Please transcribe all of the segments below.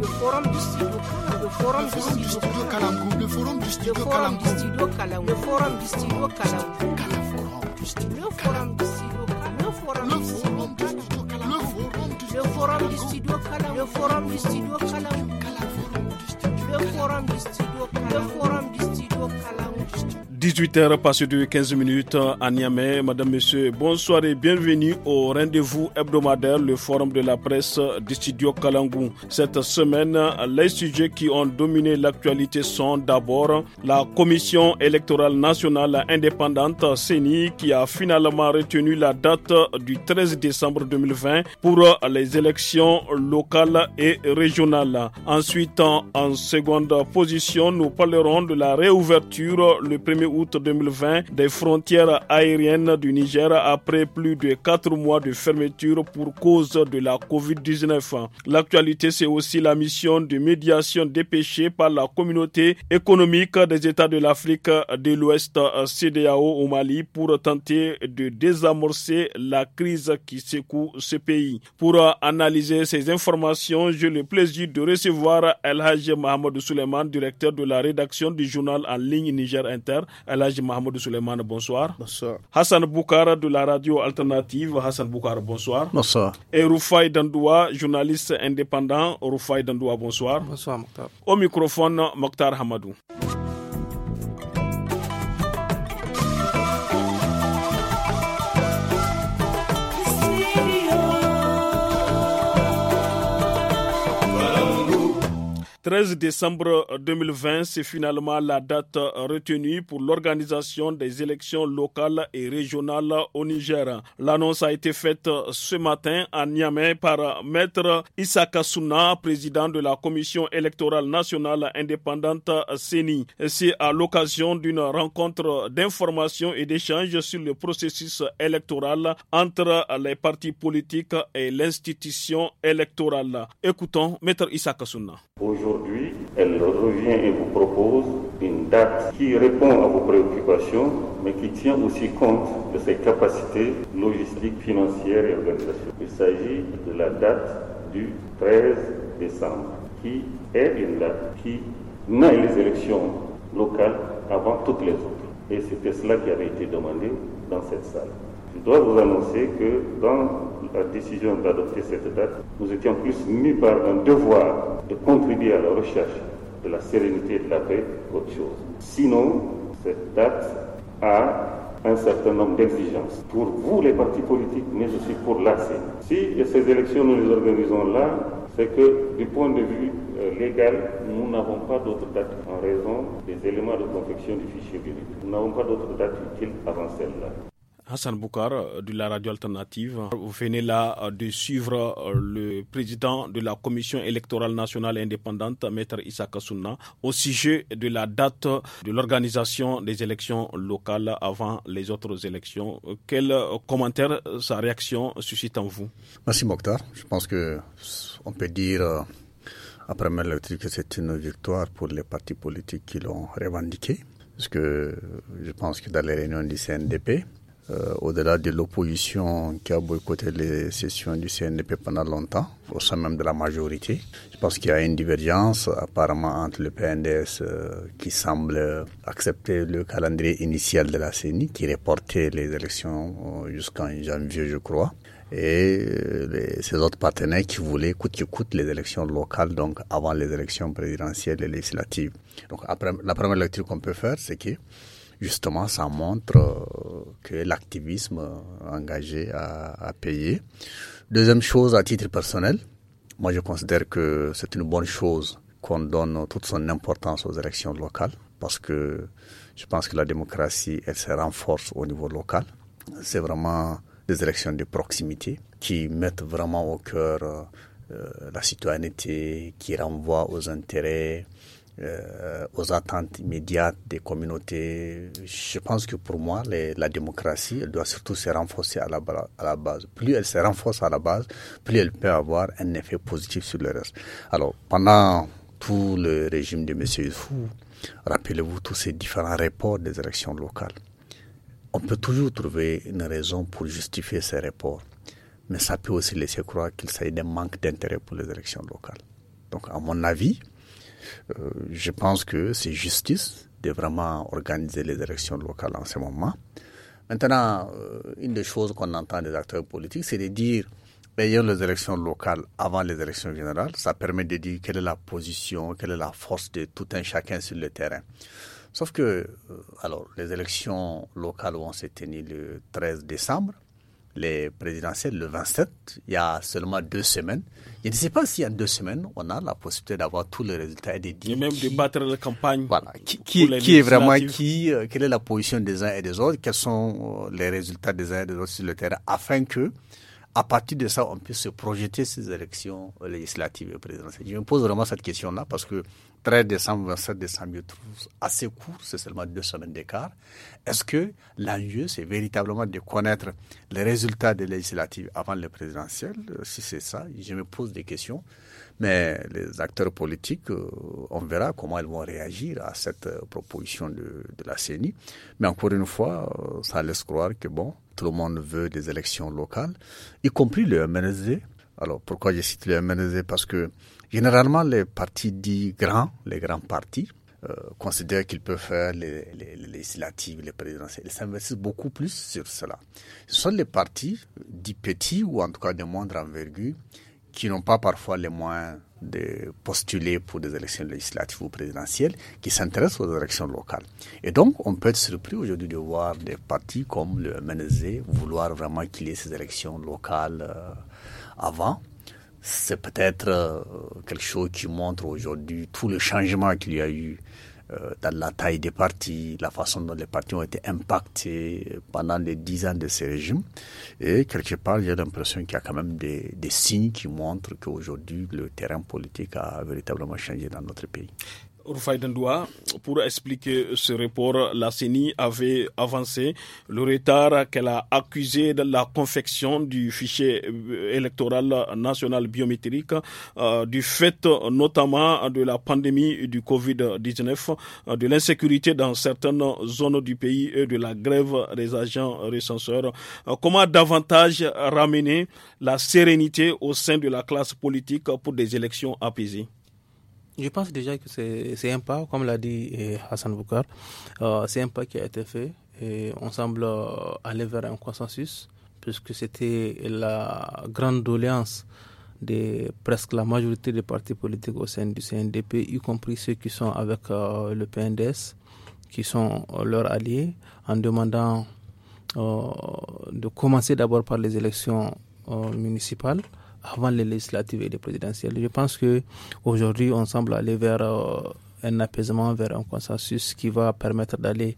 le forum du studio le forum du studio le forum du studio le forum du studio Kalamkou le forum du studio le forum du le forum du studio le le forum du studio le 18h passé de 15 minutes à Niamey. Madame, Monsieur, bonsoir et bienvenue au rendez-vous hebdomadaire, le forum de la presse du studio Kalangou. Cette semaine, les sujets qui ont dominé l'actualité sont d'abord la Commission électorale nationale indépendante CENI qui a finalement retenu la date du 13 décembre 2020 pour les élections locales et régionales. Ensuite, en seconde position, nous parlerons de la réouverture le 1er août 2020 des frontières aériennes du Niger après plus de 4 mois de fermeture pour cause de la COVID-19. L'actualité, c'est aussi la mission de médiation dépêchée par la communauté économique des États de l'Afrique de l'Ouest CDAO au Mali pour tenter de désamorcer la crise qui secoue ce pays. Pour analyser ces informations, j'ai le plaisir de recevoir El Hajj Mohamed Souleiman, directeur de la rédaction du journal en ligne Niger Inter. Alhaji Mahamadou Souleymane, bonsoir. Bonsoir. Hassan Boukara de la radio alternative. Hassan Boukara, bonsoir. Bonsoir. Et Rufai Dandoua, journaliste indépendant. Rufai Dandoua, bonsoir. Bonsoir, Mokhtar. Au microphone, Mokhtar Hamadou. 13 décembre 2020, c'est finalement la date retenue pour l'organisation des élections locales et régionales au Niger. L'annonce a été faite ce matin à Niamey par Maître Issa Kasuna, président de la Commission électorale nationale indépendante CENI. C'est à l'occasion d'une rencontre d'informations et d'échanges sur le processus électoral entre les partis politiques et l'institution électorale. Écoutons Maître Issa Kasuna. Bonjour elle revient et vous propose une date qui répond à vos préoccupations, mais qui tient aussi compte de ses capacités logistiques, financières et organisationnelles. Il s'agit de la date du 13 décembre, qui est une date qui met les élections locales avant toutes les autres. Et c'était cela qui avait été demandé dans cette salle. Je dois vous annoncer que dans la décision d'adopter cette date, nous étions plus mis par un devoir de contribuer à la recherche de la sérénité et de la paix qu'autre chose. Sinon, cette date a un certain nombre d'exigences pour vous les partis politiques, mais aussi pour l'AC. Si ces élections nous les organisons là, c'est que du point de vue euh, légal, nous n'avons pas d'autre date en raison des éléments de confection du fichier public. Nous n'avons pas d'autre date utile avant celle-là. Hassan Boukar euh, de la radio alternative. Vous venez là euh, de suivre euh, le président de la Commission électorale nationale indépendante, Maître Issa Kassouna, au sujet de la date de l'organisation des élections locales avant les autres élections. Quel commentaire sa réaction suscite en vous Merci Mokhtar. Je pense qu'on peut dire après lecture, que c'est une victoire pour les partis politiques qui l'ont revendiqué. Parce que je pense que dans les réunions du CNDP, euh, au-delà de l'opposition qui a boycotté les sessions du CNDP pendant longtemps, au sein même de la majorité. Je pense qu'il y a une divergence apparemment entre le PNDS euh, qui semble accepter le calendrier initial de la CENI, qui reportait les élections euh, jusqu'en janvier, je crois, et les, ses autres partenaires qui voulaient coûte que coûte les élections locales, donc avant les élections présidentielles et législatives. Donc après, la première lecture qu'on peut faire, c'est que justement, ça montre euh, que l'activisme euh, engagé a, payé. Deuxième chose, à titre personnel, moi je considère que c'est une bonne chose qu'on donne toute son importance aux élections locales parce que je pense que la démocratie, elle se renforce au niveau local. C'est vraiment des élections de proximité qui mettent vraiment au cœur euh, la citoyenneté, qui renvoient aux intérêts euh, aux attentes immédiates des communautés. Je pense que pour moi, la démocratie, elle doit surtout se renforcer à la, base. Plus elle se renforce à la base, plus elle peut avoir un effet positif sur le reste. Alors, pendant tout le régime de M. Youssou, rappelez-vous tous ces différents reports des élections locales. On peut toujours trouver une raison pour justifier ces reports, mais ça peut aussi laisser croire qu'il s'agit d'un manque d'intérêt pour les élections locales. Donc, à mon avis, euh, je pense que c'est justice de vraiment organiser les élections locales en ce moment. Maintenant, euh, une des choses qu'on entend des acteurs politiques, c'est de dire ayons les élections locales avant les élections générales. Ça permet de dire quelle est la position, quelle est la force de tout un chacun sur le terrain. Sauf que, euh, alors, les élections locales vont se tenir le 13 décembre les présidentielles le 27, il y a seulement deux semaines. Je ne sais pas si en deux semaines, on a la possibilité d'avoir tous les résultats et de même de battre la campagne. Voilà. Qui, est vraiment qui euh, Quelle est la position des uns et des autres Quels sont euh, les résultats des uns et des autres sur le terrain Afin que, à partir de ça, on puisse se projeter ces élections législatives et présidentielles. Je me pose vraiment cette question-là parce que 13 décembre, 27 décembre, je assez court, c'est seulement deux semaines d'écart. Est-ce que l'enjeu, c'est véritablement de connaître les résultats des législatives avant le présidentiel euh, Si c'est ça, je me pose des questions. Mais les acteurs politiques, euh, on verra comment ils vont réagir à cette euh, proposition de, de la CENI. Mais encore une fois, ça laisse croire que, bon, tout le monde veut des élections locales, y compris le MNSD. Alors pourquoi je cite le MNSD Parce que Généralement, les partis dits grands, les grands partis, euh, considèrent qu'ils peuvent faire les, législatives, les présidentielles. Ils s'investissent beaucoup plus sur cela. Ce sont les partis dits petits ou en tout cas de moindre envergure qui n'ont pas parfois les moyens de postuler pour des élections législatives ou présidentielles, qui s'intéressent aux élections locales. Et donc, on peut être surpris aujourd'hui de voir des partis comme le MNZ vouloir vraiment qu'il y ait ces élections locales euh, avant c'est peut-être euh, quelque chose qui montre aujourd'hui tout le changement qu'il y a eu euh, dans la taille des partis, la façon dont les partis ont été impactés pendant les dix ans de ce régime. Et quelque part, j'ai l'impression qu'il y a quand même des, des signes qui montrent qu'aujourd'hui, le terrain politique a véritablement changé dans notre pays pour expliquer ce report, la CENI avait avancé le retard qu'elle a accusé de la confection du fichier euh, électoral national biométrique euh, du fait notamment de la pandémie du Covid-19, de l'insécurité dans certaines zones du pays et de la grève des agents recenseurs. Euh, comment davantage ramener la sérénité au sein de la classe politique pour des élections apaisées je pense déjà que c'est un pas, comme l'a dit eh, Hassan Boukar, euh, c'est un pas qui a été fait et on semble euh, aller vers un consensus puisque c'était la grande doléance de presque la majorité des partis politiques au sein du CNDP, y compris ceux qui sont avec euh, le PNDS, qui sont leurs alliés, en demandant de commencer d'abord par les élections municipales avant les législatives et les présidentielles. Je pense que aujourd'hui, on semble aller vers euh, un apaisement, vers un consensus qui va permettre d'aller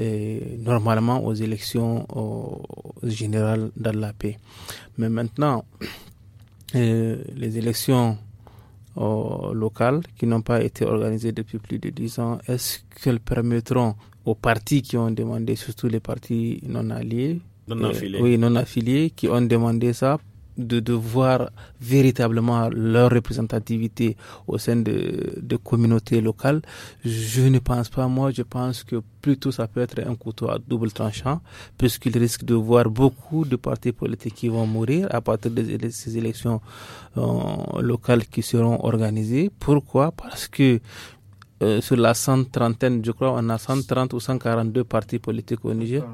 euh, normalement aux élections euh, générales dans la paix. Mais maintenant, les élections locales qui n'ont pas été organisées depuis plus de dix ans, est-ce qu'elles permettront aux partis qui ont demandé, surtout les partis non alliés, oui, non affiliés, qui ont demandé ça de, de voir véritablement leur représentativité au sein de, de communautés locales, je ne pense pas. Moi, je pense que plutôt ça peut être un couteau à double tranchant, puisqu'il risque de voir beaucoup de partis politiques qui vont mourir à partir de ces élections euh, locales qui seront organisées. Pourquoi Parce que euh, sur la cent trentaine, je crois, on a 130 ou 142 partis politiques au Niger.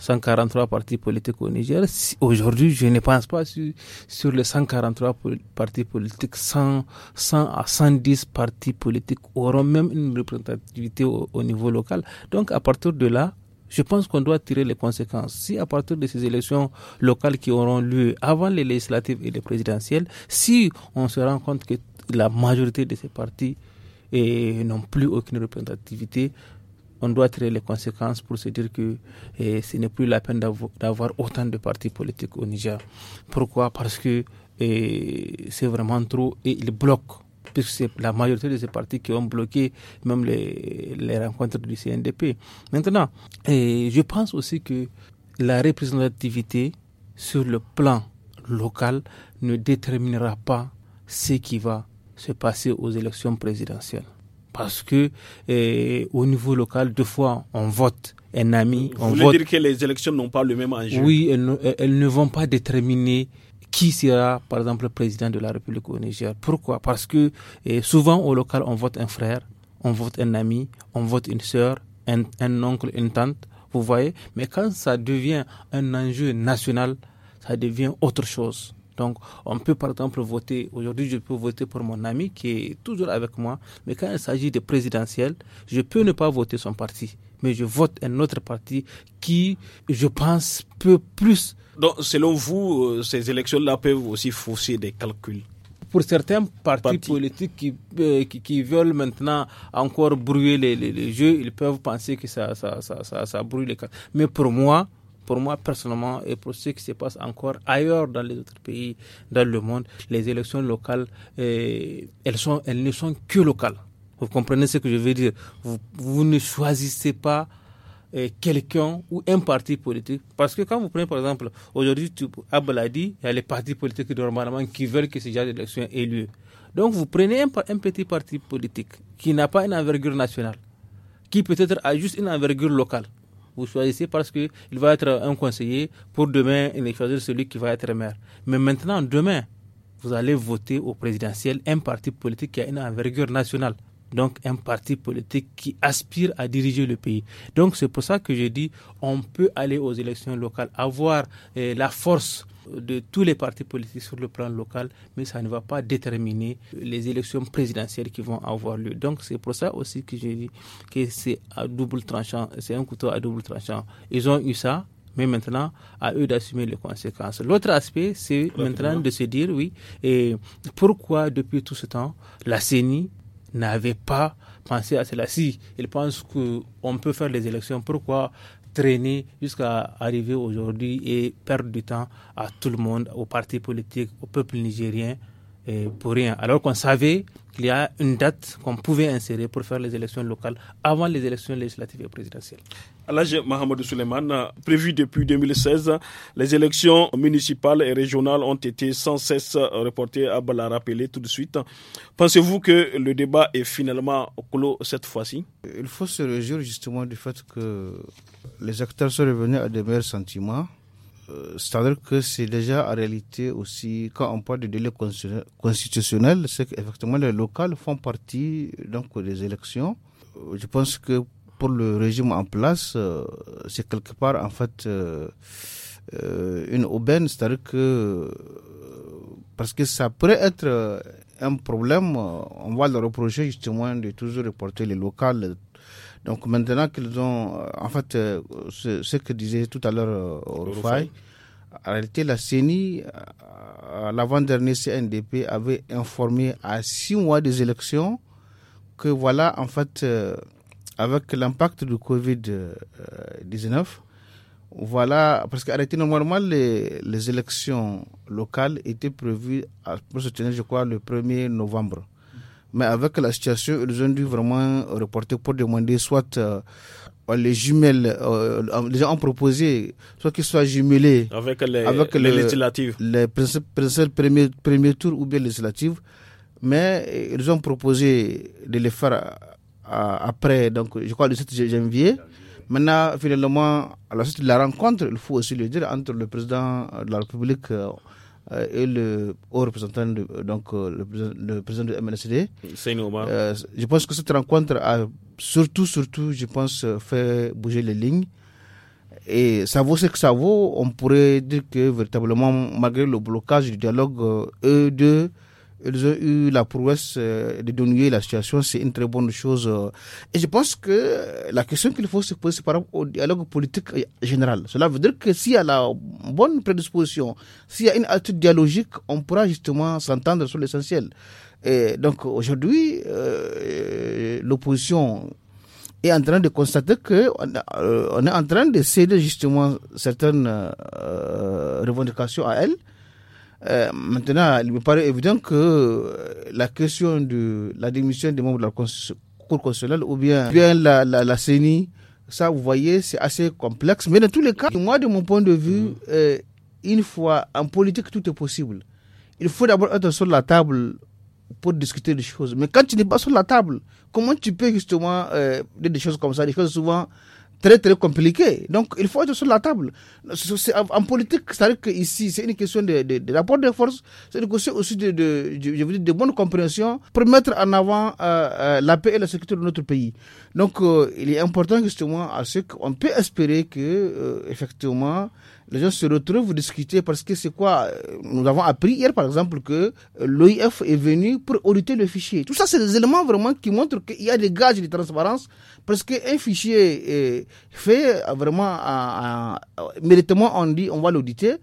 143 partis politiques au Niger. Aujourd'hui, je ne pense pas sur, sur les 143 partis politiques, 100, à 110 partis politiques auront même une représentativité au, au niveau local. Donc, à partir de là, je pense qu'on doit tirer les conséquences. Si à partir de ces élections locales qui auront lieu avant les législatives et les présidentielles, si on se rend compte que la majorité de ces partis eh, n'ont plus aucune représentativité, on doit tirer les conséquences pour se dire que eh, ce n'est plus la peine d'avoir autant de partis politiques au Niger. Pourquoi Parce que eh, c'est vraiment trop et ils bloquent puisque c'est la majorité de ces partis qui ont bloqué même les, rencontres du CNDP. Maintenant, eh, je pense aussi que la représentativité sur le plan local ne déterminera pas ce qui va se passer aux élections présidentielles parce que eh, au niveau local, deux fois, on vote un ami. Vous voulez dire que les élections n'ont pas le même enjeu Oui, elles ne, vont pas déterminer qui sera, par exemple, le président de la République au Niger. Pourquoi Parce que eh, souvent au local, on vote un frère, on vote un ami, on vote une sœur, un oncle, une tante, vous voyez. Mais quand ça devient un enjeu national, ça devient autre chose. Donc, on peut par exemple voter. Aujourd'hui, je peux voter pour mon ami qui est toujours avec moi. Mais quand il s'agit de présidentiel, je peux ne pas voter son parti. Mais je vote un autre parti qui, je pense, peut plus. Donc, selon vous, euh, ces élections-là peuvent aussi fausser des calculs pour certains partis politiques euh, qui, qui, veulent maintenant encore brouiller les, jeux, ils peuvent penser que ça, ça, ça, ça, ça brûle les calculs, Mais pour moi, pour moi personnellement et pour ce qui se passe encore ailleurs dans les autres pays dans le monde, les élections locales, eh, elles, sont, elles ne sont que locales. Vous comprenez ce que je veux dire Vous, ne choisissez pas eh, quelqu'un ou un parti politique. Parce que quand vous prenez par exemple, aujourd'hui, dit il y a les partis politiques normalement qui veulent que ce genre d'élection ait lieu. Donc vous prenez un petit parti politique qui n'a pas une envergure nationale, qui peut-être a juste une envergure locale. Vous choisissez parce qu'il va être un conseiller pour demain, il va choisir celui qui va être maire. Mais maintenant, demain, vous allez voter au présidentiel un parti politique qui a une envergure nationale. Donc, un parti politique qui aspire à diriger le pays. Donc, c'est pour ça que je dis on peut aller aux élections locales, avoir eh, la force de tous les partis politiques sur le plan local, mais ça ne va pas déterminer les élections présidentielles qui vont avoir lieu. Donc c'est pour ça aussi que j'ai dit que c'est à double tranchant, c'est un couteau à double tranchant. Ils ont eu ça, mais maintenant à eux d'assumer les conséquences. L'autre aspect, c'est maintenant de se dire, oui, et pourquoi depuis tout ce temps, la CENI n'avait pas pensé à cela. Si ils pensent qu'on peut faire les élections, pourquoi traîner jusqu'à arriver aujourd'hui et perdre du temps à tout le monde, aux partis politiques, au peuple nigérien, pour rien. Alors qu'on savait qu'il y a une date qu'on pouvait insérer pour faire les élections locales avant les élections législatives et présidentielles. Alage Mohamed Suleiman, prévu depuis 2016, les élections municipales et régionales ont été sans cesse reportées. à l'a rappeler tout de suite. Pensez-vous que le débat est finalement clos cette fois-ci Il faut se réjouir justement du fait que les acteurs sont revenus à des meilleurs sentiments. Euh, c'est-à-dire que c'est déjà en réalité aussi, quand on parle de délai constitutionnel, c'est qu'effectivement les locales font partie donc, des élections. Euh, je pense que pour le régime en place, euh, c'est quelque part en fait euh, euh, une aubaine, c'est-à-dire que parce que ça pourrait être un problème, on va le reprocher justement de toujours reporter les locales. Donc maintenant qu'ils ont, en fait, ce, que disait tout à l'heure travail en réalité la CENI, l'avant-dernier CNDP, avait informé à six mois des élections que voilà, en fait, avec l'impact du Covid-19, euh, voilà, parce qu'à l'été, normalement, les, élections locales étaient prévues pour se tenir, je crois, le 1er novembre. Mais avec la situation, ils ont dû vraiment reporter pour demander soit euh, les jumelles, euh, les gens ont proposé, soit qu'ils soient jumelés avec les, avec les, législatives. Les principales premier, premier tour ou bien législatives. Mais ils ont proposé de les faire après, donc, je crois, le 7 janvier. Maintenant, finalement, à la suite de la rencontre, il faut aussi le dire, entre le président de la République euh, euh, et le haut représentant, donc euh, le, président de MNCD. je pense que cette rencontre a surtout, surtout, je pense, fait bouger les lignes. Et ça vaut ce que ça vaut. On pourrait dire que véritablement, malgré le blocage du dialogue, eux e deux, ils ont eu la prouesse euh, de donner la situation, c'est une très bonne chose. Et je pense que la question qu'il faut se poser, c'est par rapport au dialogue politique général. Cela veut dire que s'il y a la bonne prédisposition, s'il y a une attitude dialogique, on pourra justement s'entendre sur l'essentiel. Et donc aujourd'hui, euh, l'opposition est en train de constater que on, euh, est en train de céder justement certaines revendications à elle. Euh, maintenant, il me paraît évident que euh, la question de la démission des membres de la Cour constitutionnelle ou bien, bien la, la, la CENI, ça, vous voyez, c'est assez complexe. Mais dans tous les cas, moi, de mon point de vue, mhm. euh, une fois en politique, tout est possible. Il faut d'abord être sur la table pour discuter des choses. Mais quand tu n'es pas sur la table, comment tu peux justement dire des choses comme ça, des choses souvent très très compliqué. Donc il faut être sur la table. En politique, c'est-à-dire qu'ici, c'est une question de, de, de rapport forces, c'est une question aussi de, de, je veux dire, de bonne compréhension pour mettre en avant euh, euh, la paix et la sécurité de notre pays. Donc euh, il est important justement à ce qu'on peut espérer que, effectivement, les gens se retrouvent, vous parce que c'est quoi euh, Nous avons appris hier, par exemple, que euh, l'OIF est venu pour auditer le fichier. Tout ça, c'est des éléments vraiment qui montrent qu'il y a des gages de transparence parce qu'un fichier est fait vraiment à, méritement, on dit, on va l'auditer.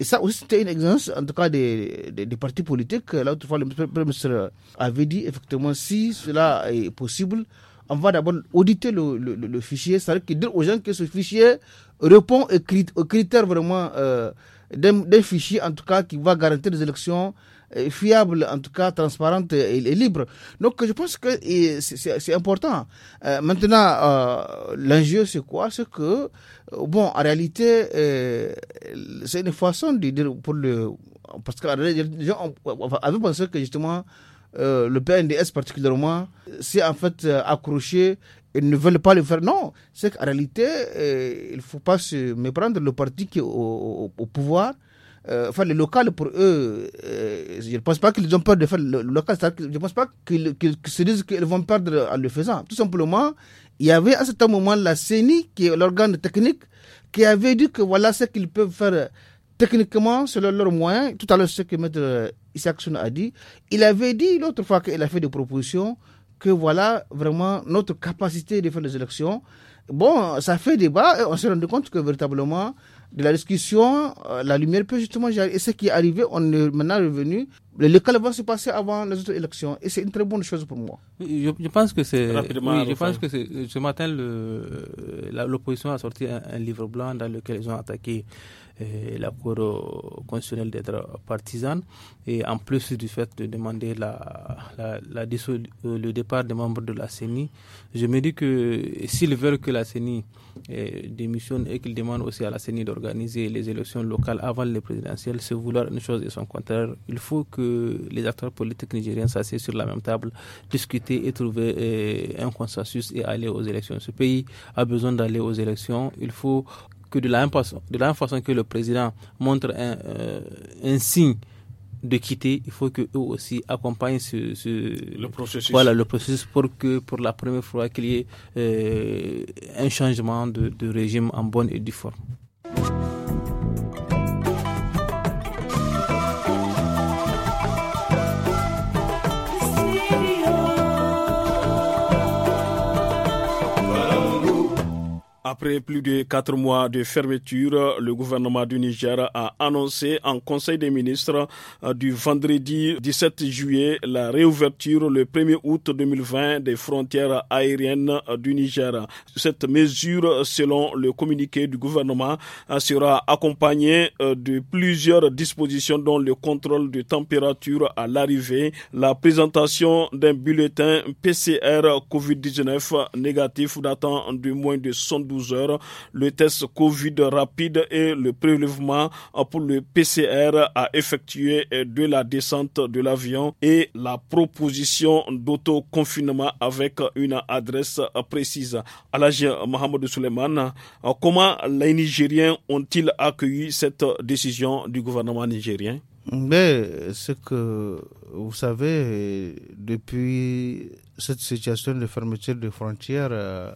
Et ça aussi, c'était une exigence, en tout cas, des, des, des partis politiques. L'autre fois, le Premier ministre avait dit, effectivement, si cela est possible, on va d'abord auditer le, fichier, c'est-à-dire dire aux gens que ce fichier répond aux critères vraiment d'un fichier, en tout cas, qui va garantir des élections fiables, en tout cas transparentes et, libres. Donc je pense que c'est important. maintenant, l'enjeu, c'est quoi C'est que, bon, en réalité, c'est une façon de dire pour le... Parce que les gens avaient pensé que justement euh, le PNDS particulièrement, c'est en fait euh, accroché, ils ne veulent pas le faire. Non, c'est qu'en réalité, euh, il ne faut pas se méprendre le parti qui est au, pouvoir. enfin, le local pour eux, je ne pense pas qu'ils ont peur de faire le, local, je ne pense pas qu'ils se disent qu'ils vont perdre en le faisant. Tout simplement, il y avait à certain moment la CENI, qui est l'organe technique, qui avait dit que voilà ce qu'ils peuvent faire techniquement, selon leurs moyens, tout à l'heure, ce que Maître Isaacson a dit, il avait dit l'autre fois qu'il a fait des propositions que voilà vraiment notre capacité de faire des élections. Bon, ça fait débat et on se rend compte que véritablement, de la discussion, euh, la lumière peut justement gérer. Et ce qui est arrivé, on est maintenant revenu. Le va se passer avant les autres élections. Et c'est une très bonne chose pour moi. Je, pense que c'est. je pense que ce matin, euh, l'opposition a sorti un, livre blanc dans lequel ils ont attaqué la Cour euh, constitutionnelle d'être partisane et en plus du fait de demander la, euh, le départ des membres de la CENI, je me dis que s'ils veulent que la CENI euh, démissionne et qu'ils demandent aussi à la CENI d'organiser les élections locales avant les présidentielles, c'est vouloir une chose et son contraire. Il faut que les acteurs politiques nigériens s'assiedent sur la même table, discuter et trouver un consensus et aller aux élections. Ce pays a besoin d'aller aux élections. Il faut que de la même façon, de la que le président montre euh, un, signe de quitter, il faut que eux aussi accompagnent ce, le processus. Voilà le processus pour que pour la première fois qu'il y ait euh, un changement de, de, régime en bonne et due forme. Après plus de quatre mois de fermeture, le gouvernement du Niger a annoncé en Conseil des ministres euh, du vendredi 17 juillet la réouverture le 1er août 2020 des frontières aériennes euh, du Niger. Cette mesure, selon le communiqué du gouvernement, euh, sera accompagnée de plusieurs dispositions dont le contrôle de température à l'arrivée, la présentation d'un bulletin PCR COVID-19 négatif datant de moins de 112 heures, le test Covid rapide et le prélèvement pour le PCR à effectuer de la descente de l'avion et la proposition d'autoconfinement avec une adresse précise. Alage Mohamed Suleiman, comment les Nigériens ont-ils accueilli cette décision du gouvernement nigérien mais ce que vous savez, depuis cette situation de fermeture de frontières, euh,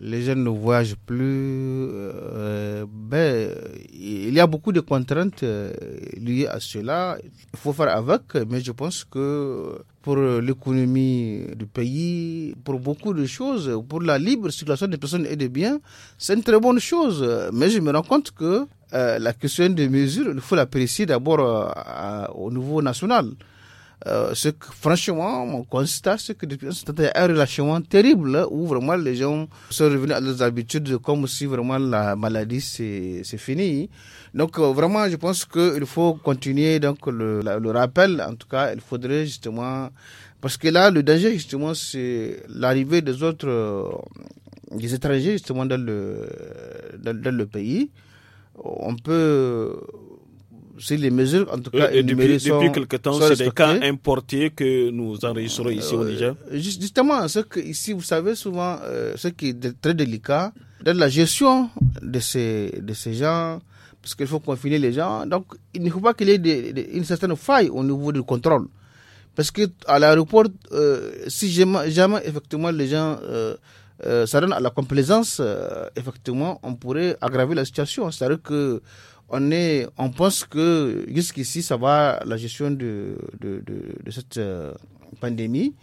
les jeunes ne voyagent plus. Euh, ben, il y a beaucoup de contraintes euh, liées à cela. Il faut faire avec, mais je pense que pour l'économie du pays, pour beaucoup de choses, pour la libre circulation des personnes et des biens, c'est une très bonne chose. Mais je me rends compte que euh, la question des mesures, il faut l'apprécier d'abord au niveau national euh, ce que, franchement, mon constat, c'est que depuis un certain y a un relâchement terrible où vraiment les gens sont revenus à leurs habitudes comme si vraiment la maladie c'est fini. Donc euh, vraiment, je pense qu'il faut continuer donc le, le rappel. En tout cas, il faudrait justement parce que là, le danger justement, c'est l'arrivée des autres, euh, des étrangers justement dans le dans le pays. On peut si les mesures, en tout euh, cas, depuis, sont, depuis quelque temps, c'est des cas importés que nous enregistrons ici au euh, Niger. Euh, justement, ce que, ici, vous savez souvent, ce qui est très délicat, dans la gestion de ces, de ces gens, parce qu'il faut confiner les gens, donc il ne faut pas qu'il y ait une certaine faille au niveau du contrôle. Parce que à l'aéroport, si jamais, jamais, effectivement les gens euh, ça à la complaisance, effectivement, on pourrait aggraver la situation. C'est-à-dire que on on pense que jusqu'ici, ça va la gestion de, de, cette euh, pandémie.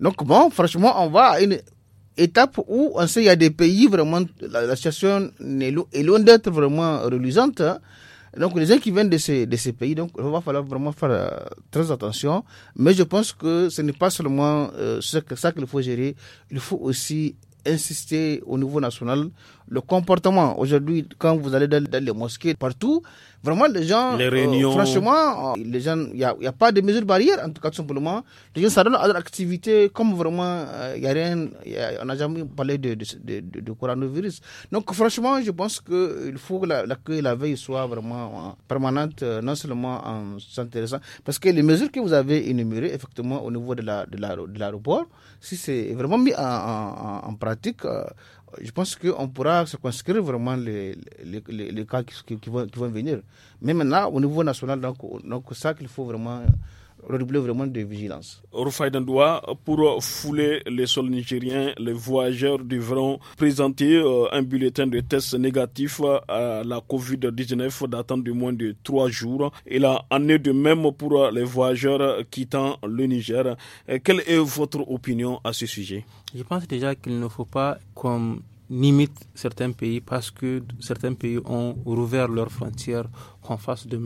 Donc bon, franchement, on va à une étape où on sait qu'il y a des pays vraiment, la, situation est, loin d'être vraiment reluisante. Hein. Donc les gens qui viennent de ces, de ces pays, donc il va falloir vraiment faire euh, très attention. Mais je pense que ce n'est pas seulement euh, ça qu'il faut gérer, il faut aussi insister au niveau national le comportement. Aujourd'hui, quand vous allez dans, les mosquées, partout, vraiment, les gens, les euh, réunions. franchement, euh, les gens, il n'y a, pas de mesures barrières, en tout cas, tout simplement. Les gens s'adonnent à leur activité, comme vraiment, il euh, n'y a rien, on n'a jamais parlé de, coronavirus. Donc, franchement, je pense qu'il faut que la, la veille soit vraiment permanente, non seulement en s'intéressant, parce que les mesures que vous avez énumérées, effectivement, au niveau de l'aéroport, la, de la, si c'est vraiment mis en pratique, je pense qu'on pourra se conscrire vraiment les, les, cas qui, qui, vont, qui, vont, venir. Mais maintenant, au niveau national, donc, ça qu'il faut vraiment redoubler vraiment de vigilance. Dandoua, pour fouler les sols nigériens, les voyageurs devront présenter euh, un bulletin de test négatif à la COVID-19 datant de moins de trois jours. Et là, en est de même pour les voyageurs quittant le Niger. Euh, quelle est votre opinion à ce sujet Je pense déjà qu'il ne faut pas comme limite certains pays parce que certains pays ont rouvert leurs frontières qu'on fasse de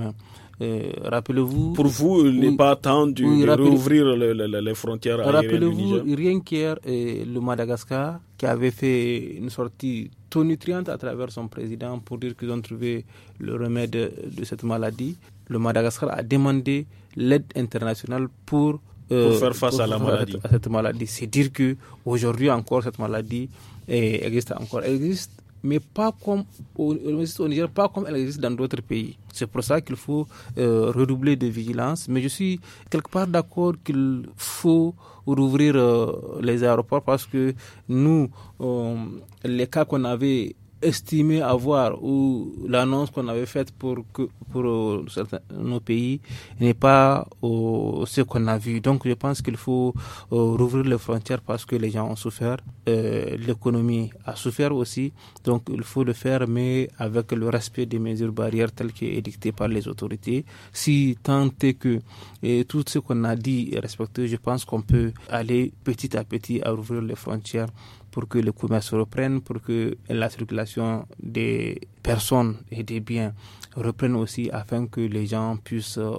euh, rappelez-vous. Pour vous, il n'est pas temps de, rouvrir les frontières Rappelez-vous, rien qu'hier, euh, le Madagascar, qui avait fait une sortie tout à travers son président pour dire qu'ils ont trouvé le remède de cette maladie, le Madagascar a demandé l'aide internationale pour. Euh, faire face à la À cette maladie. C'est dire que aujourd'hui encore cette maladie existe encore. existe mais pas comme au, au Niger, pas comme elle existe dans d'autres pays. C'est pour ça qu'il faut euh, redoubler de vigilance. Mais je suis quelque part d'accord qu'il faut rouvrir euh, les aéroports parce que nous, euh, les cas qu'on avait estimé avoir ou l'annonce qu'on avait faite pour, que, pour euh, certains, nos pays n'est pas au euh, ce qu'on a vu. Donc je pense qu'il faut euh, rouvrir les frontières parce que les gens ont souffert, l'économie a souffert aussi, donc il faut le faire mais avec le respect des mesures barrières telles qu'édictées par les autorités. Si tant est que tout ce qu'on a dit est respecté, je pense qu'on peut aller petit à petit à rouvrir les frontières pour que le commerce reprenne, pour que la circulation des personnes et des biens reprenne aussi afin que les gens puissent euh,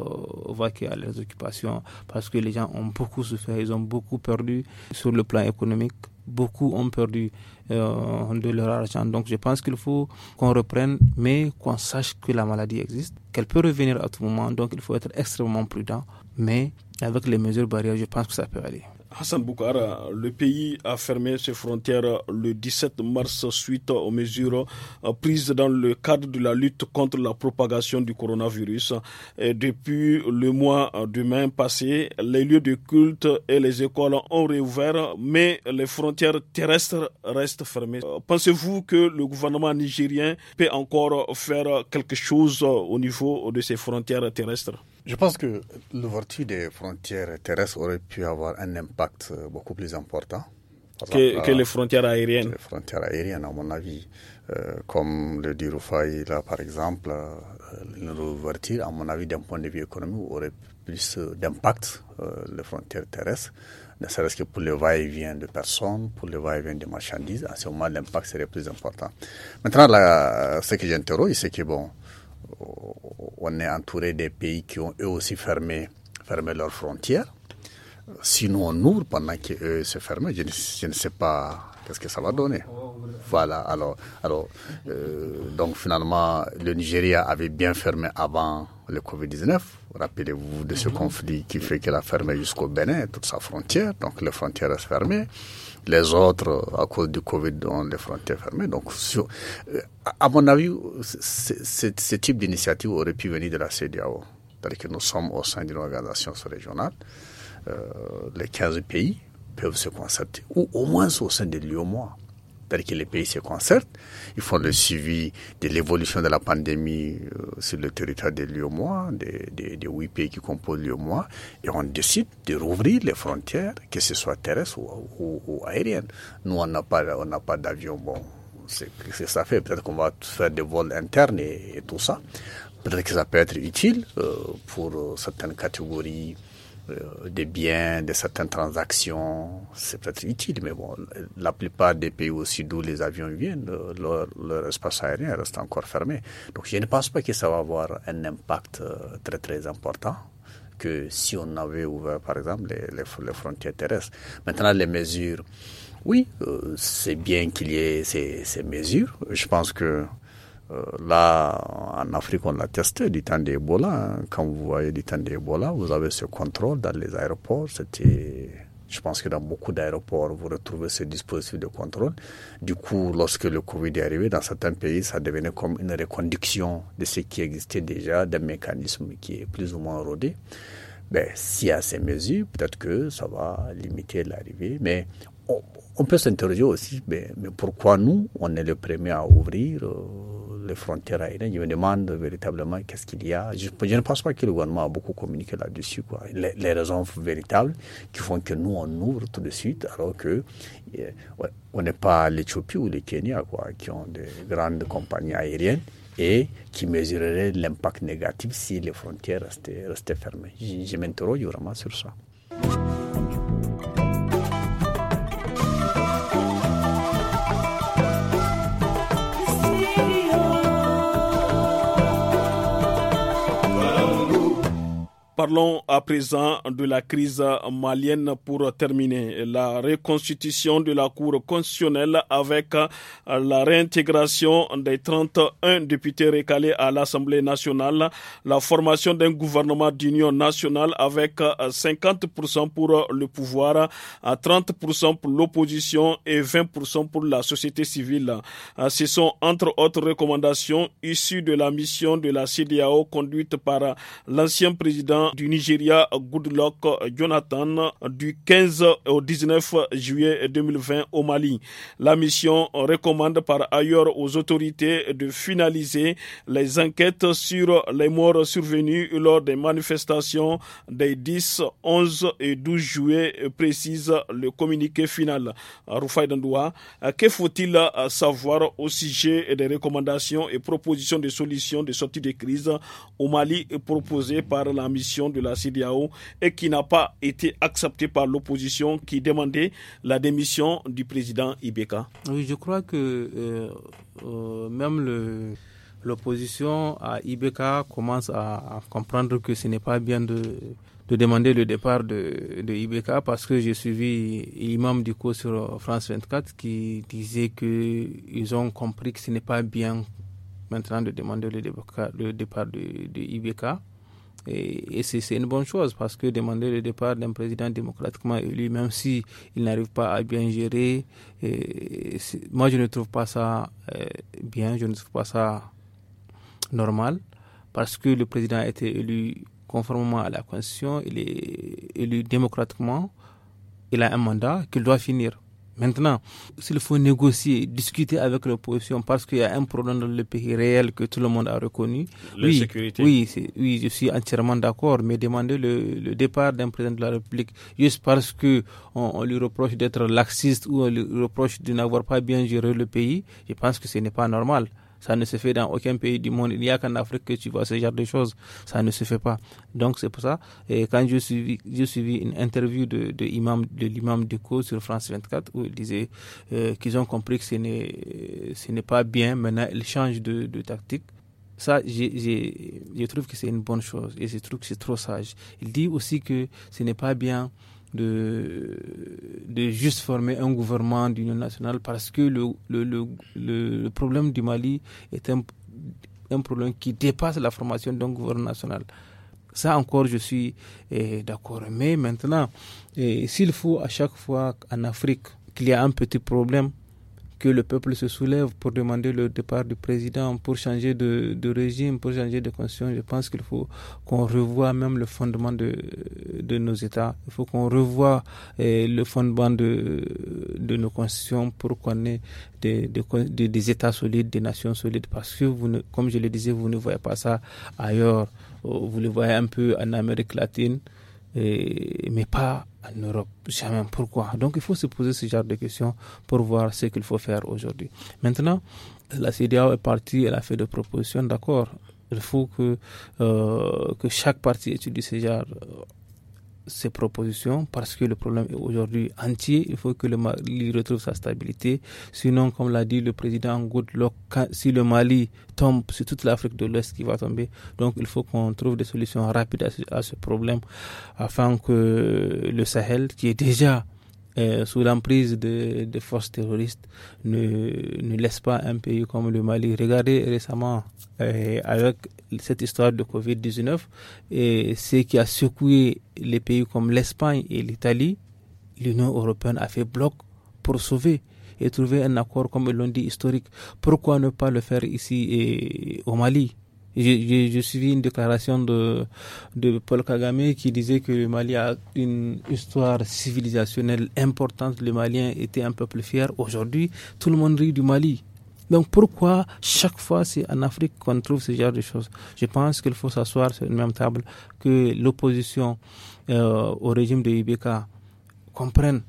vaquer à leurs occupations parce que les gens ont beaucoup souffert, ils ont beaucoup perdu sur le plan économique, beaucoup ont perdu euh, de leur argent. Donc je pense qu'il faut qu'on reprenne, mais qu'on sache que la maladie existe, qu'elle peut revenir à tout moment, donc il faut être extrêmement prudent, mais avec les mesures barrières, je pense que ça peut aller. Hassan Boukara, le pays a fermé ses frontières le 17 mars suite aux mesures euh, prises dans le cadre de la lutte contre la propagation du coronavirus. Et depuis le mois de mai passé, les lieux de culte et les écoles ont réouvert, mais les frontières terrestres restent fermées. Euh, pensez-vous que le gouvernement nigérien peut encore faire quelque chose au niveau de ses frontières terrestres je pense que l'ouverture des frontières terrestres aurait pu avoir un impact euh, beaucoup plus important. Que, les frontières aériennes. Les frontières aériennes, à mon avis. Euh, comme le dit là, par exemple, euh, l'ouverture, à mon avis, d'un point de vue économique, aurait plus d'impact les frontières terrestres, ne serait-ce que pour le va-et-vient de personnes, pour le va-et-vient de marchandises. À ce moment, l'impact serait plus important. Maintenant, ce que j'interroge, c'est que, bon, on est entouré des pays qui ont eux aussi fermé, fermé leurs frontières. Sinon, on ouvre pendant qu'eux se ferment. Je ne, sais pas qu'est-ce que ça va donner. Voilà, alors, alors euh, donc finalement, le Nigeria avait bien fermé avant le Covid-19. Rappelez-vous de ce mhm. conflit qui fait qu'elle a fermé jusqu'au Bénin toute sa frontière. Donc les frontières sont fermées. Les autres, à cause du Covid, ont les frontières fermées. Donc, sur, euh, à mon avis, ce type d'initiative aurait pu venir de la CDAO. C'est-à-dire que nous sommes au sein d'une organisation régionale. Euh, les 15 pays peuvent se concerter, ou au moins au sein de l'UOMOA cest que les pays se concertent, ils font le suivi de l'évolution de la pandémie euh, sur le territoire de l'UOMOA, des, des, des, huit pays qui composent mois, et on décide de rouvrir les frontières, que ce soit terrestre ou, ou, aérienne. Nous, on n'a pas, on pas d'avion, bon, c'est ça fait. Peut-être qu'on va faire des vols internes et, tout ça. Peut-être que ça peut être utile euh, pour euh, certaines catégories euh, des biens, de certaines transactions. C'est peut-être utile, mais bon, la plupart des pays aussi d'où les avions viennent, leur, espace aérien reste encore fermé. Donc je ne pense pas que ça va avoir un impact euh, très très important que si on avait ouvert, par exemple, les, les, frontières terrestres. Maintenant, les mesures, oui, euh, c'est bien qu'il y ait ces, ces mesures. Je pense que euh, là, en Afrique, on l'a testé du temps d'Ebola. Hein. Quand vous voyez du temps d'Ebola, vous avez ce contrôle dans les aéroports. C'était, je pense que dans beaucoup d'aéroports, vous retrouvez ce dispositif de contrôle. Du coup, lorsque le Covid est arrivé dans certains pays, ça devenait comme une reconduction de ce qui existait déjà, d'un mécanisme qui est plus ou moins rodé. Ben, s'il y a ces mesures, peut-être que ça va limiter l'arrivée, mais on peut s'interroger aussi, mais, pourquoi nous, on est les premiers à ouvrir euh, les frontières aériennes Je me demande véritablement qu'est-ce qu'il y a. Je, ne pense pas que le gouvernement a beaucoup communiqué là-dessus. Les, raisons véritables qui font que nous, on ouvre tout de suite, alors que eh, on n'est pas l'Éthiopie ou le Kenya, quoi, qui ont de grandes compagnies aériennes et qui mesureraient l'impact négatif si les frontières restaient, fermées. Je, je m'interroge vraiment sur ça. Parlons à présent de la crise malienne pour terminer. La reconstitution de la Cour constitutionnelle avec la réintégration des 31 députés récalés à l'Assemblée nationale, la formation d'un gouvernement d'union nationale avec 50% pour le pouvoir, 30% pour l'opposition et 20% pour la société civile. Ce sont entre autres recommandations issues de la mission de la CDAO conduite par l'ancien président du Nigeria Goodluck Jonathan du 15 au 19 juillet 2020 au Mali. La mission recommande par ailleurs aux autorités de finaliser les enquêtes sur les morts survenues lors des manifestations des 10, 11 et 12 juillet, précise le communiqué final. Rufai Dandoua, que faut-il savoir au sujet des recommandations et propositions de solutions de sortie de crise au Mali proposées par la mission de la CDAO et qui n'a pas été acceptée par l'opposition qui demandait la démission du président Ibeka. Oui, je crois que euh, euh, même l'opposition à Ibeka commence à, comprendre que ce n'est pas bien de, demander le départ de, Ibeka parce que j'ai suivi Imam cours sur France 24 qui disait qu'ils ont compris que ce n'est pas bien maintenant de demander le départ, le de Ibeka et, c'est une bonne chose parce que demander le départ d'un président démocratiquement élu, même si il n'arrive pas à bien gérer, moi je ne trouve pas ça euh, bien, je ne trouve pas ça normal parce que le président a été élu conformément à la Constitution, il est élu démocratiquement, il a un mandat qu'il doit finir. Maintenant, s'il faut négocier, discuter avec l'opposition parce qu'il y a un problème dans le pays réel que tout le monde a reconnu. La Oui, oui, je suis entièrement d'accord, mais demander le, départ d'un président de la République juste parce qu'on lui reproche d'être laxiste ou on lui reproche de n'avoir pas bien géré le pays, je pense que ce n'est pas normal. Ça ne se fait dans aucun pays du monde. Il n'y a qu'en Afrique que tu vois ce genre de choses. Ça ne se fait pas. Donc c'est pour ça. Et quand j'ai suivi, une interview de, de imam, de l'imam Deco sur France 24 où il disait euh, qu'ils ont compris que ce n'est, ce n'est pas bien. Maintenant, ils changent de, tactique. Ça, je trouve que c'est une bonne chose et je trouve que c'est trop sage. Il dit aussi que ce n'est pas bien de, de juste former un gouvernement d'union nationale parce que le, le, le, le, problème du Mali est un, un problème qui dépasse la formation d'un gouvernement national. Ça encore, je suis eh, d'accord. Mais maintenant, eh, s'il faut à chaque fois en Afrique qu'il y a un petit problème, que le peuple se soulève pour demander le départ du président, pour changer de, régime, pour changer de constitution. Je pense qu'il faut qu'on revoie même le fondement de, de nos États. Il faut qu'on revoie eh, le fondement de, de nos constitutions pour qu'on ait des, des, États solides, des nations solides. Parce que, vous comme je le disais, vous ne voyez pas ça ailleurs. Oh, vous le voyez un peu en Amérique latine, eh, mais pas en Europe. Jamais. Pourquoi Donc il faut se poser ce genre de questions pour voir ce qu'il faut faire aujourd'hui. Maintenant, la CDAO est partie, elle a fait des propositions, d'accord. Il faut que, euh, que chaque partie étudie ce genre ses propositions parce que le problème est aujourd'hui entier. Il faut que le Mali retrouve sa stabilité. Sinon, comme l'a dit le président Goodluck, si le Mali tombe, c'est toute l'Afrique de l'Ouest qui va tomber. Donc, il faut qu'on trouve des solutions rapides à ce, problème afin que le Sahel, qui est déjà euh, sous l'emprise de, forces terroristes ne, ne laisse pas un pays comme le Mali. Regardez récemment euh, avec cette histoire de Covid-19 et ce qui a secoué les pays comme l'Espagne et l'Italie, l'Union européenne a fait bloc pour sauver et trouver un accord, comme l'on dit, historique. Pourquoi ne pas le faire ici et euh, au Mali j'ai suivi une déclaration de, de Paul Kagame qui disait que le Mali a une histoire civilisationnelle importante. Les Maliens était un peuple fier. Aujourd'hui, tout le monde rit du Mali. Donc pourquoi chaque fois c'est en Afrique qu'on trouve ce genre de choses Je pense qu'il faut s'asseoir sur une même table, que l'opposition euh, au régime de Ibeka comprenne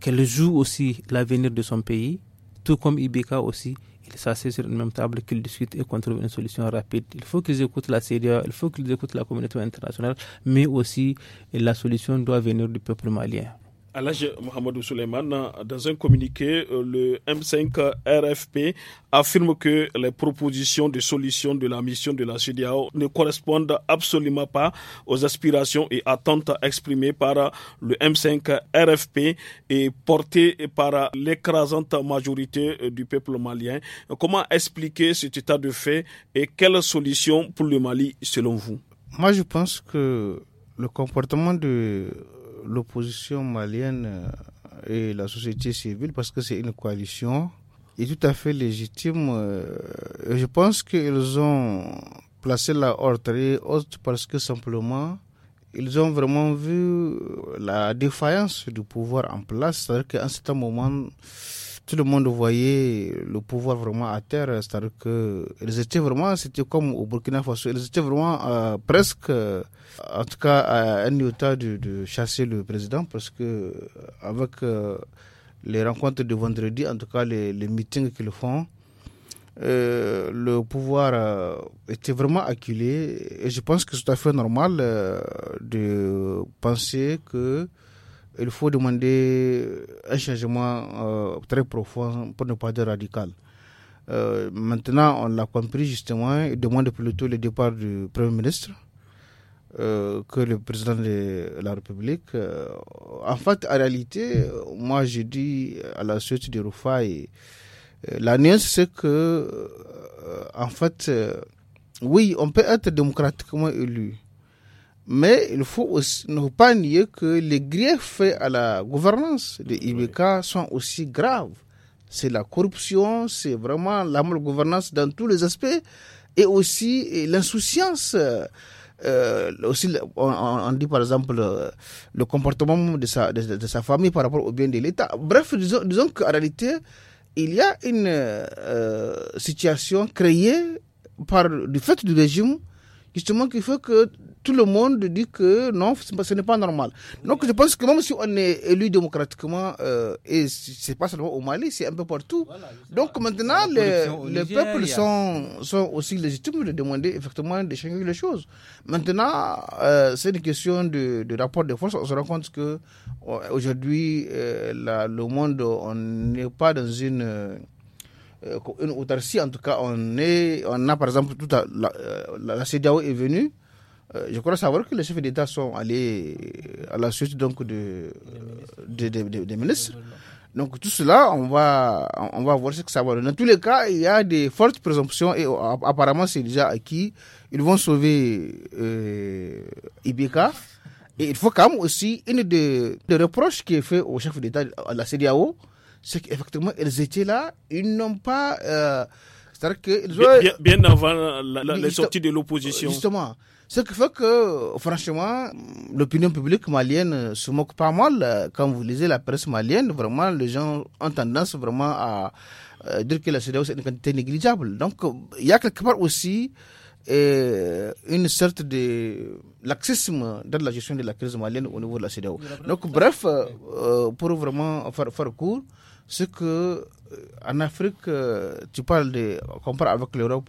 qu'elle joue aussi l'avenir de son pays, tout comme Ibeka aussi ça c'est sur une même table, qu'ils discutent et qu'on trouve une solution rapide. Il faut qu'ils écoutent la Syrie, il faut qu'ils écoutent la communauté internationale, mais aussi la solution doit venir du peuple malien. Alage Mohamedou Suleiman, dans un communiqué, euh, le M5 RFP affirme que les propositions de solution de la mission de la CDAO ne correspondent absolument pas aux aspirations et attentes exprimées par le M5 RFP et portées par l'écrasante majorité euh, du peuple malien. Comment expliquer cet état de fait et quelles solutions pour le Mali selon vous Moi, je pense que le comportement de l'opposition malienne euh, et la société civile, parce que c'est une coalition, est tout à fait légitime. Euh, je pense qu'ils ont placé la horterie haute parce que simplement, ils ont vraiment vu la défaillance du pouvoir en place. C'est-à-dire qu'à un certain moment, tout le monde voyait le pouvoir vraiment à terre, c'est-à-dire que étaient vraiment, c'était comme au Burkina Faso, ils étaient vraiment euh, presque, euh, en tout cas, à un état de, de, chasser le président parce que euh, avec les rencontres de vendredi, en tout cas les, les meetings qu'ils font, le pouvoir était vraiment acculé et je pense que c'est tout à fait normal de penser que il faut demander un changement euh, très profond, pour ne pas être radical. Euh, maintenant, on l'a compris justement, il demande plutôt le départ du Premier ministre euh, que le président de la République. en fait, en réalité, moi je dis à la suite de Rufai, la nuance c'est que, en fait, oui, on peut être démocratiquement élu mais il faut ne faut pas nier que les griefs faits à la gouvernance de IBK sont aussi graves. C'est la corruption, c'est vraiment la gouvernance dans tous les aspects et aussi l'insouciance. Euh, euh, aussi, on, dit par exemple euh, le, comportement de sa, de, sa famille par rapport au bien de l'État. Bref, disons, qu'en réalité, il y a une situation créée par du fait du régime, justement, qui fait que tout le monde dit que non, ce n'est pas normal. Donc je pense que même si on est élu démocratiquement, euh, et et c'est pas seulement au Mali, c'est un peu partout. Donc maintenant, les, peuples sont, sont aussi légitimes de demander effectivement de changer les choses. Maintenant, euh, c'est une question de, rapport de force. On se rend compte que euh, aujourd'hui, le monde, on n'est pas dans une une autarcie, en tout cas, on, est, on a par exemple, la, la, la CDAO est venue euh, je crois savoir que les chefs d'État sont allés à la suite donc de, des ministres. Donc tout cela, on va, on va voir ce que ça va donner. Dans tous les cas, il y a des fortes présomptions et euh, apparemment c'est déjà acquis. Ils vont sauver euh, Ibeka. Et il faut quand même aussi une des, reproches qui est fait aux chefs d'État à la CDAO, c'est qu'effectivement, elles étaient là, ils n'ont pas... Euh, c'est-à-dire qu'ils ont... Bien, avant la, la sortie de l'opposition. Justement. Ce qui fait que, franchement, l'opinion publique malienne se moque pas mal. Quand vous lisez la presse malienne, vraiment, les gens ont tendance vraiment à euh, dire que la CEDEAO, c'est une quantité négligeable. Donc, il y a quelque part aussi euh, une sorte de laxisme dans la gestion de la crise malienne au niveau de la CEDEAO. Donc, bref, euh, pour vraiment faire, court, ce que en Afrique, tu parles de, on compare avec l'Europe,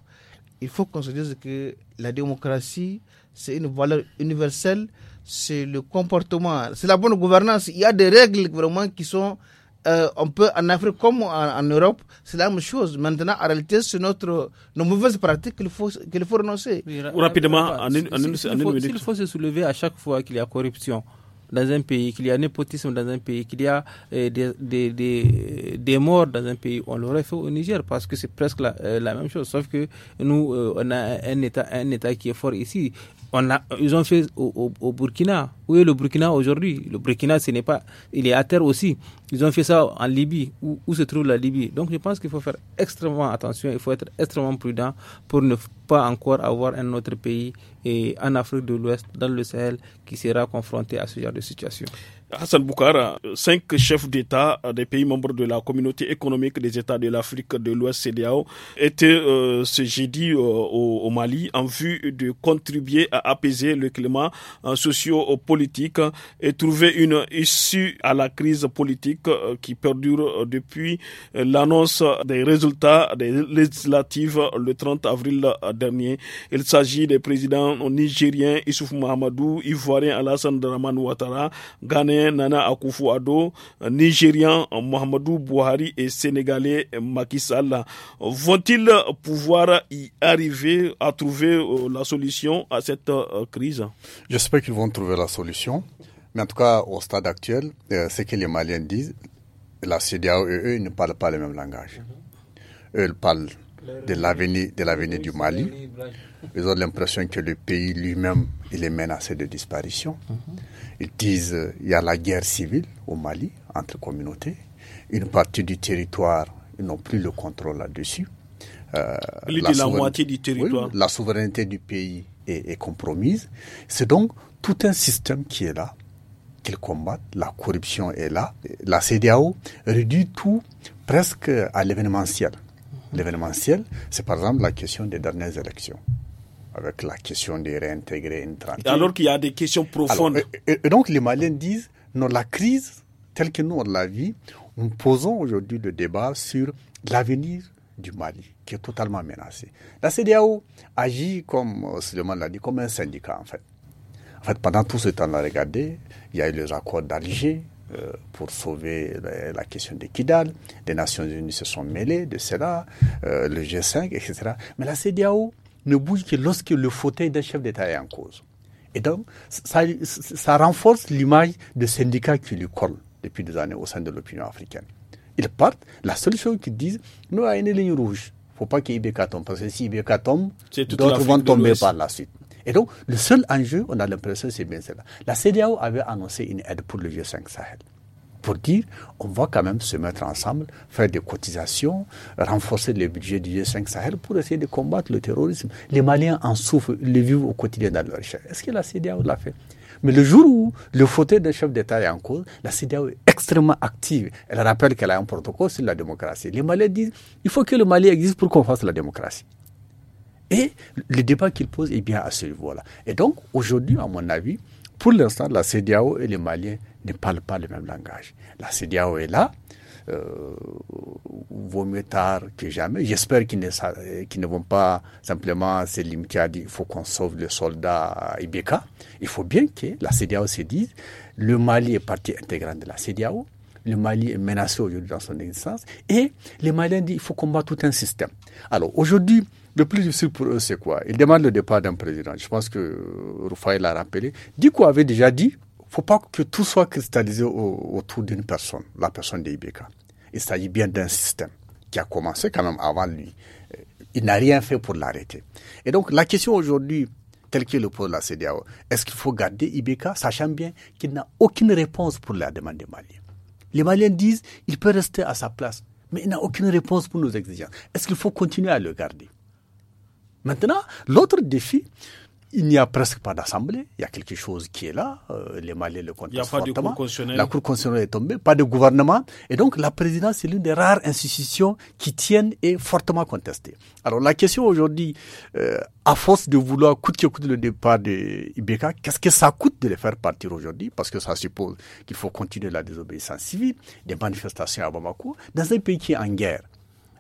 il faut qu'on se dise que la démocratie, c'est une valeur universelle, c'est le comportement, c'est la bonne gouvernance. Il y a des règles vraiment qui sont, on euh, peut en Afrique comme en, Europe, c'est la même chose. Maintenant, en réalité, c'est notre, nos mauvaises pratiques qu'il faut, qu'il faut renoncer. rapidement, en une, minute. faut se soulever à chaque fois qu'il y a corruption, dans un pays, qu'il y a népotisme dans un pays, qu'il y a euh, des, morts dans un pays, on l'aurait fait au Niger parce que c'est presque la, euh, la, même chose. Sauf que nous, euh, on a un État, un État qui est fort ici on a, ils ont fait au, Burkina. Où est le Burkina aujourd'hui Le Burkina, ce n'est pas, il est à terre aussi. Ils ont fait ça en Libye. Où, où se trouve la Libye Donc, je pense qu'il faut faire extrêmement attention. Il faut être extrêmement prudent pour ne pas encore avoir un autre pays et en Afrique de l'Ouest, dans le Sahel, qui sera confronté à ce genre de situation. Hassan Boukara, cinq chefs d'État des pays membres de la communauté économique des États de l'Afrique de l'Ouest CDAO étaient euh, ce jeudi euh, au, Mali en vue de contribuer à apaiser le climat euh, socio-politique et trouver une issue à la crise politique euh, qui perdure depuis l'annonce des résultats des législatives le 30 avril dernier. Il s'agit des présidents nigériens Issouf Mahamadou, ivoirien Alassane Draman Ouattara, ghanéen Nana Akufo-Addo, Nigérian Mohamedou Buhari et Sénégalais Macky Sall. Vont-ils pouvoir y arriver à trouver euh, la solution à cette euh, crise J'espère qu'ils vont trouver la solution. Mais en tout cas, au stade actuel, euh, ce que les Maliens disent, la CDAO et eux, ils ne parlent pas le même langage. Eux, ils parlent de l'avenir du Mali. Ils ont l'impression que le pays lui-même il est menacé de disparition. Mhm. Ils disent il y a la guerre civile au Mali entre communautés. Une partie du territoire ils n'ont plus le contrôle là-dessus. Euh, la, moitié du territoire. la souveraineté du pays est, est compromise. C'est donc tout un système qui est là qu'ils combattent. La corruption est là. La CDAO réduit tout presque à l'événementiel l'événementiel, c'est par exemple la question des dernières élections avec la question de réintégrer une trentaine. Alors qu'il y a des questions profondes. et, donc les Maliens disent, non, la crise telle que nous on la vit, nous posons aujourd'hui le débat sur l'avenir du Mali, qui est totalement menacé. La CDAO agit, comme Suleiman l'a dit, comme un syndicat en fait. En fait, pendant tout ce temps-là, regardez, il y a eu les accords d'Alger, euh, pour sauver la, question de Kidal. Les Nations Unies se sont mêlées de cela, euh, le G5, etc. Mais la CDAO ne bouge que lorsque le fauteuil d'un chef d'État est en cause. Et donc, ça, renforce l'image de syndicats qui lui colle depuis des années au sein de l'opinion africaine. Ils partent, la seule chose qu'ils disent, nous, a une ligne rouge. Il ne faut pas qu'IBK tombe, parce que si Ibeka tombe, d'autres vont tomber par la suite. Et donc, le seul enjeu, on a l'impression, c'est bien cela. La CDAO avait annoncé une aide pour le vieux 5 Sahel pour dire on va quand même se mettre ensemble, faire des cotisations, renforcer le budget du vieux 5 Sahel pour essayer de combattre le terrorisme. Les Maliens en souffrent, les vivent au quotidien dans leur chair. Est-ce que la CDAO l'a fait mais le jour où le fauteuil d'un chef d'État est en cause, la CDAO est extrêmement active. Elle rappelle qu'elle a un protocole sur la démocratie. Les Maliens disent il faut que le Mali existe pour qu'on fasse la démocratie. Et le débat qu'il pose est bien à ce niveau-là. Et donc, aujourd'hui, à mon avis, pour l'instant, la CDAO et les Maliens ne parlent pas le même langage. La CDAO est là. Euh, vaut mieux tard que jamais. J'espère qu'ils ne, vont pas simplement se limiter à dire il faut qu'on sauve le soldat Ibeka. Il faut bien que la CDAO se dise le Mali est partie intégrante de la CDAO. Le Mali est menacé aujourd'hui dans son existence. Et les Maliens disent il faut combattre tout un système. Alors aujourd'hui, le plus difficile pour eux, c'est quoi Ils demandent le départ d'un président. Je pense que euh, Rufai l'a rappelé. Diko avait déjà dit faut pas que tout soit cristallisé autour d'une personne, la personne d'Ibeka. Il s'agit bien d'un système qui a commencé quand même avant lui. Euh, il n'a rien fait pour l'arrêter. Et donc, la question aujourd'hui, telle que le pose la CDAO, est-ce qu'il faut garder Ibeka, sachant bien qu'il n'a aucune réponse pour la demande des Maliens Les Maliens disent il peut rester à sa place, mais il n'a aucune réponse pour nos exigences. Est-ce qu'il faut continuer à le garder Maintenant, l'autre défi, il n'y a presque pas d'assemblée. Il y a quelque chose qui est là. Euh, les Maliens le contestent. Il La cour constitutionnelle est tombée. Pas de gouvernement. Et donc, la présidence est l'une des rares institutions qui tiennent et fortement contestées. Alors, la question aujourd'hui, euh, à force de vouloir coûter que le départ de Ibeka, qu'est-ce que ça coûte de les faire partir aujourd'hui? Parce que ça suppose qu'il faut continuer la désobéissance civile, des manifestations à Bamako, dans un pays qui est en guerre.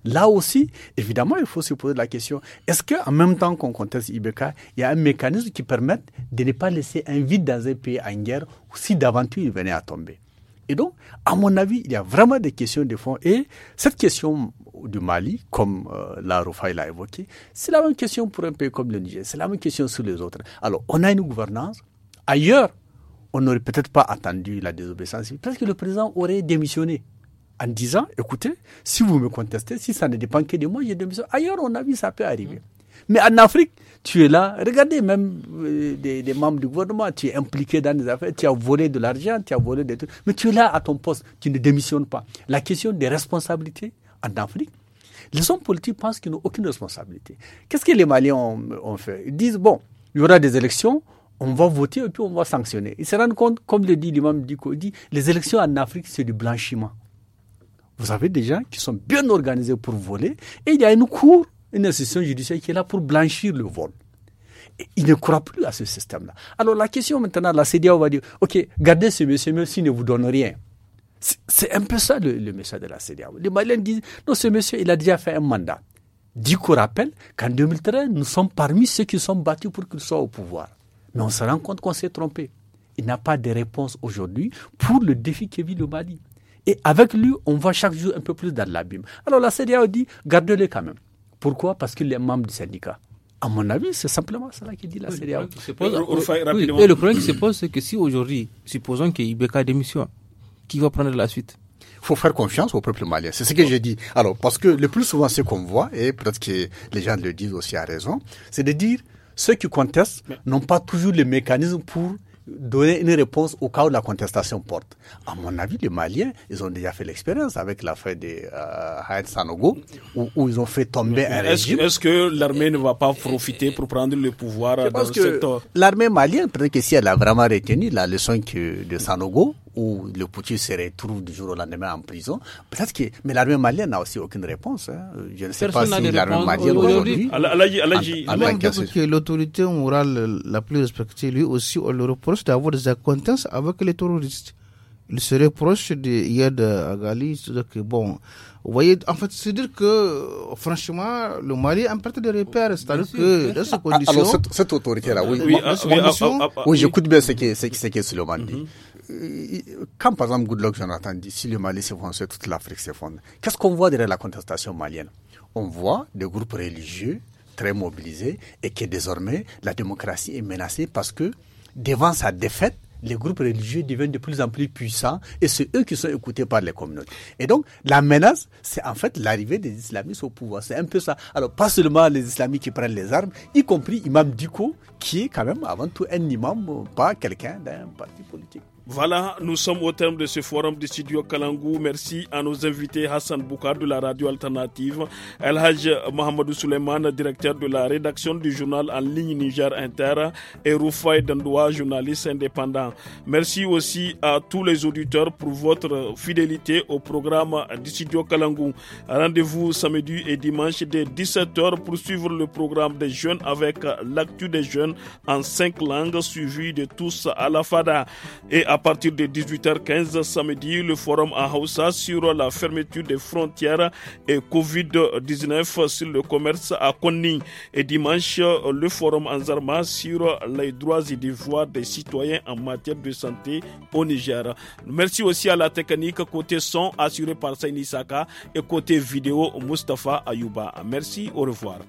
Là aussi, évidemment, il faut se poser la question est-ce qu'en même temps qu'on conteste Ibeka, il y a un mécanisme qui permette de ne pas laisser un vide dans un pays en guerre ou si d'aventure il venait à tomber Et donc, à mon avis, il y a vraiment des questions de fond. Et cette question du Mali, comme euh, la Rufai l'a évoqué, c'est la même question pour un pays comme le Niger c'est la même question sur les autres. Alors, on a une gouvernance. Ailleurs, on n'aurait peut-être pas attendu la désobéissance, parce que le président aurait démissionné en disant, écoutez, si vous me contestez, si ça ne dépend que de moi, j'ai démissionné. Ailleurs, on a vu, ça peut arriver. Mm. Mais en Afrique, tu es là, regardez même euh, des, membres du gouvernement, tu es impliqué dans des affaires, tu as volé de l'argent, tu as volé des trucs, mais tu es là à ton poste, tu ne démissionnes pas. La question des responsabilités en Afrique, les hommes politiques pensent qu'ils n'ont aucune responsabilité. Qu'est-ce que les Maliens ont, fait Ils disent, bon, il y aura des élections, on va voter et puis on va sanctionner. Ils se rendent compte, comme le dit l'imam Diko, dit, les élections en Afrique, c'est du blanchiment. Vous avez des gens qui sont bien organisés pour voler et il y a une cour, une institution judiciaire qui est là pour blanchir le vol. il ne croit plus à ce système-là. Alors la question maintenant, la CDAO va dire, OK, gardez ce monsieur, même s'il ne vous donne rien. C'est un peu ça le, message de la CDAO. Les Maliens disent, non, ce monsieur, il a déjà fait un mandat. Du coup, rappelle qu'en 2013, nous sommes parmi ceux qui sont battus pour qu'il soit au pouvoir. Mais on se rend compte qu'on s'est trompé. Il n'a pas de réponse aujourd'hui pour le défi que vit le Mali. Et avec lui, on va chaque jour un peu plus dans l'abîme. Alors la CDAO dit, gardez les quand même. Pourquoi Parce qu'il est membre du syndicat. À mon avis, c'est simplement cela qui dit la CDAO. et le problème qui se pose, c'est que si aujourd'hui, supposons qu'Ibeka démissionne, qui va prendre la suite il faut faire confiance au peuple malien. C'est ce que j'ai dit. Alors, parce que le plus souvent, ce qu'on voit, et peut-être que les gens le disent aussi à raison, c'est de dire ceux qui contestent n'ont pas toujours les mécanismes pour donner une réponse au cas où la contestation porte. À mon avis, les Maliens, ils ont déjà fait l'expérience avec l'affaire de euh, Haït Sanogo, où, ils ont fait tomber un régime. Est-ce que l'armée ne va pas profiter pour prendre le pouvoir Je pense que L'armée malienne, peut-être que si elle a vraiment retenu la leçon que, de Sanogo, où le Poutine se retrouve du jour au lendemain en prison. Peut-être que, mais l'armée malienne n'a aussi aucune réponse. Hein. Je ne sais pas si l'armée malienne aujourd'hui. que l'autorité morale la plus respectée, lui aussi, on le reproche d'avoir des acquaintances avec les terroristes. Il se reproche de Yed Agali, cest à que bon, vous voyez, en fait, c'est dire que, franchement, le Mali a un parti de repères. C'est-à-dire que, dans ces ah, ah, conditions. cette, autorité-là, oui. Oui, ah, oui, j'écoute bien ce que, ce, ce que dit quand par exemple Goodluck Jonathan dit si le Mali s'effondre, toute l'Afrique s'effondre, qu'est-ce qu'on voit derrière la contestation malienne On voit des groupes religieux très mobilisés et que désormais la démocratie est menacée parce que devant sa défaite, les groupes religieux deviennent de plus en plus puissants et c'est eux qui sont écoutés par les communautés. Et donc, la menace, c'est en fait l'arrivée des islamistes au pouvoir. C'est un peu ça. Alors, pas seulement les islamistes qui prennent les armes, y compris Imam Diko, qui est quand même avant tout un imam, pas quelqu'un d'un parti politique. Voilà, nous sommes au terme de ce forum du studio Kalangou. Merci à nos invités Hassan Boukar de la radio alternative, El Haj Mohamedou Suleiman, directeur de la rédaction du journal en ligne Niger Inter, et Rufai Dandoua, journaliste indépendant. Merci aussi à tous les auditeurs pour votre fidélité au programme d'Issidio studio Kalangou. Rendez-vous samedi et dimanche dès 17h pour suivre le programme des jeunes avec l'actu des jeunes en cinq langues suivi de tous à la FADA. Et à partir de 18h15 samedi, le forum à Hausa sur la fermeture des frontières et Covid-19 sur le commerce à Konni. Et dimanche, le forum en Zarma sur les droits et devoirs des citoyens en matière de santé au Niger. Merci aussi à la technique côté son assuré par Saini Saka et côté vidéo Mustafa Ayuba. Merci, au revoir.